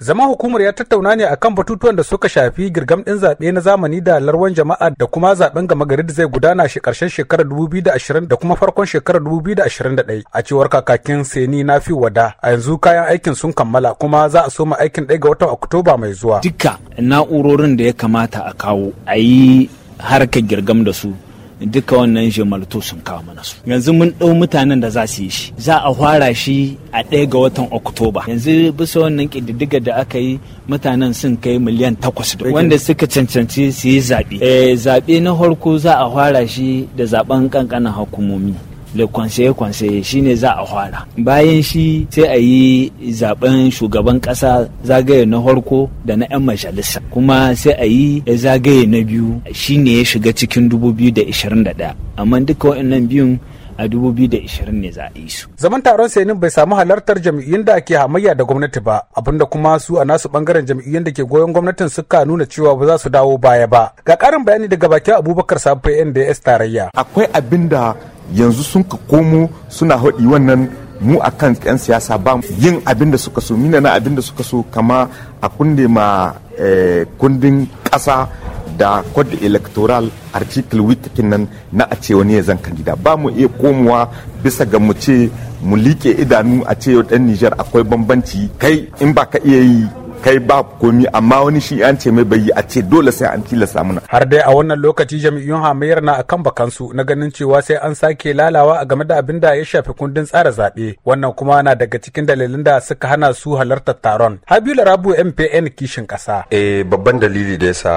Zaman hukumar ya tattauna ne akan batutuwan da suka shafi girgam ɗin zaɓe na zamani da larwan jama'a da kuma zaɓen gama gari da zai gudana shi ƙarshen shekarar 2020 da kuma farkon shekarar 2021. A cewar kakakin Seni na fi wada a yanzu kayan aikin sun kammala kuma za a soma aikin ɗaya ga watan Oktoba mai zuwa. Duka na'urorin da ya kamata a kawo a yi harkar girgam da su duka wannan jemalto sun kawo mana su yanzu mun ɗau mutanen da za su yi shi za a fara shi a ɗaya ga watan oktoba yanzu bisa wannan ƙididdiga da aka yi mutanen sun kai miliyan takwas wanda suka cancanci su yi zaɓe eh, zaɓe na farko za a fara shi da zaɓen ƙanƙanin hukumomi le conseiller conseiller shine za a fara bayan shi sai a yi zaben shugaban kasa zagaye na farko da na 'yan majalisa kuma sai a yi zagaye na biyu shine ya shiga cikin 2021 amma duka waɗannan biyun a 2020 ne za a yi su. Zaman taron sayanin bai samu halartar jam'iyyun da ke hamayya da gwamnati ba, abinda kuma su a nasu bangaren jam'iyyun da ke goyon gwamnatin suka nuna cewa ba za su dawo baya ba. Ga karin bayani daga bakin Abubakar Sabo NDS tarayya. Akwai abinda. yanzu sun ka komo suna haɗi wannan mu a kan 'yan siyasa ba yin abin da suka so mina na abin da suka so kama a kunde ma eh, kundin ƙasa da code electoral article week nan na a ce wani ya zan kandida ba mu iya komowa bisa ga mu ce mu liƙe idanu a ce yau ɗan Nijar akwai bambanci kai in ba ka iya yi kai ba komi amma wani shi an ce mai bayi a ce dole sai an tilasta muna har dai a wannan lokaci jami'un hamayyar na akan bakansu na ganin cewa sai an sake lalawa a game da abin da ya shafi kundin tsara zaɓe wannan kuma na daga cikin dalilin da suka hana su halartar taron habibu rabu mpn kishin ƙasa eh babban dalili da yasa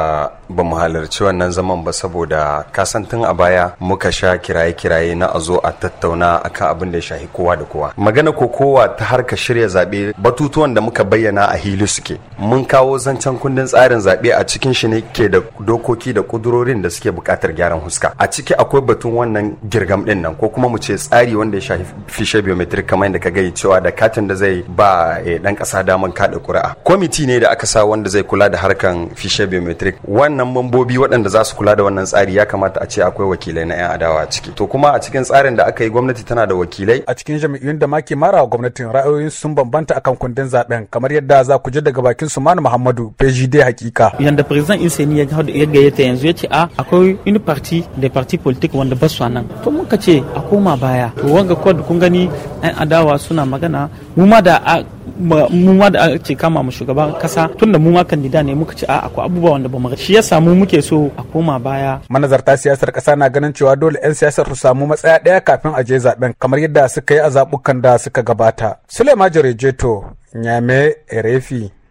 ba mu halarci wannan zaman ba saboda tun a baya muka sha kiraye-kiraye na a zo a tattauna akan abin da ya shafi kowa da kowa magana ko kowa ta harka shirya zaɓe batutuwan da muka bayyana a hili suke yake mun kawo zancen kundin tsarin zaɓe a cikin shi ne ke da dokoki da kudurorin da suke buƙatar gyaran huska a ciki akwai batun wannan girgam ɗin nan ko kuma mu ce tsari wanda ya shafi fishe biometric kamar yadda ka gani cewa da katin da zai ba dan eh, ƙasa daman kaɗa ƙuri'a kwamiti ne da aka sa wanda zai kula da harkan fishe biometric wannan mambobi waɗanda za su kula da wannan tsari ya kamata a ce akwai wakilai na 'yan adawa a ciki to kuma a cikin tsarin da aka yi gwamnati tana da wakilai a cikin jami'un da ma ke mara gwamnatin ra'ayoyin sun bambanta akan kundin zaben kamar yadda za ku ji daga bakin su Manu Muhammadu feji dai hakika. Yanda president Inseni ya ya gayyata yanzu ya ce a ah, akwai wani parti da parti politik wanda ba su nan. To ka ce a koma baya. To wanga kod kun gani an adawa suna magana mu ma da mu ma da ce kama mu shugaban kasa tunda mu ma kandida ne muka ce a ah, akwai abubuwa wanda ba mu shi ya samu muke so a koma baya manazarta siyasar kasa na ganin cewa dole yan siyasar su samu matsaya daya kafin a je zaben kamar yadda suka yi a zabukan da suka gabata Suleiman Jarejeto Nyame Erefi